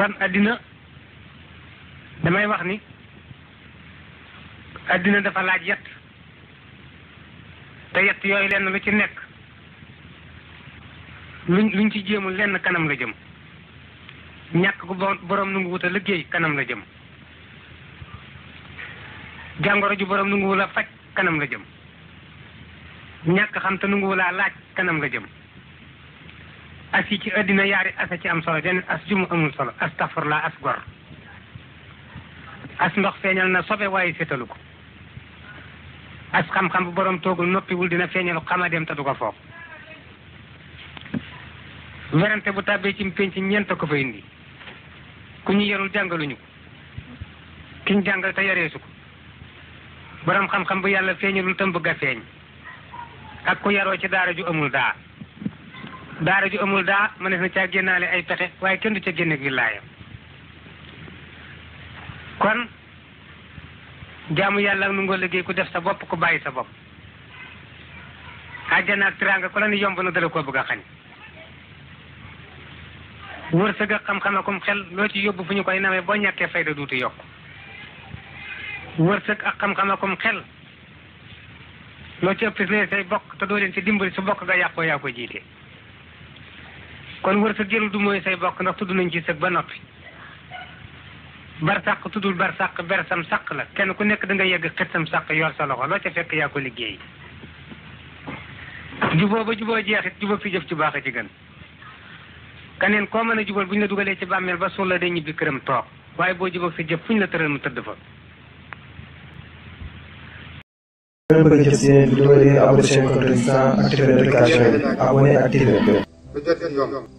kon àddina damay wax ni àddina dafa laaj yet te yett yooyu lenn lu ci nekk luñ luñ ci jéemul lenn kanam la jëm ñàkk gu borom nu ngi wut a liggéey kanam la jëm jàngoro ju borom nu wula faj kanam la jëm ñàkk xam te nu wulaa laaj kanam la jëm as yi ci àddina yaari asa ci am solo den as jumu amul solo as tafur la as gor as ndox feeñal na sobe waaye sétalu ko as xam-xam bu borom toogul noppiwul dina feeñalu xamadeem te du ko foog werante bu tàbbee ci penc ñeent ko fa indi ku ñu yarul jàngaluñu ko kiñ jàngal te yareesu ko boroom xam-xam bu yàlla feeñalul tam bëgg a feeñ ak ku yaroo ci daara ju amul daa daar ju amul daa mënees ne caa génnaale ay pexe waaye kenn du ca génne gi kon jaamu yàlla nu ngoo liggéey ku def sa bopp ku bàyyi sa bopp àjjana ak tiraanga ku la ni yomb na dala koo bëgg a xañ wërsëg ak xam xel loo ci yóbbu fu ñu koy nawee boo ñàkkee fayda duutu yokk wërsëg ak xam-xam akum xel loo ci ëpp si say bokk te doo leen ci dimbali su bokk nga yàqoo yaa ko jiite kon wërsëg jëlul du mooy say bokk ndax tudd nañ ci sëg ba noppi barsàq tuddul barsàq bersam sàq la kenn ku nekk da nga yegg xetsam sàq yor sa loxo loo ca fekk yaa ko liggéey juboo ba juboo jeexit juboo fi jëf ci baax a ci gën keneen koo mën a jubal bu ñu la dugalee ci bàmmeel ba suul la day ñibbi këram toog waaye boo juboo sa jëf fu ñu la tëral mu tëdd fa 别这样。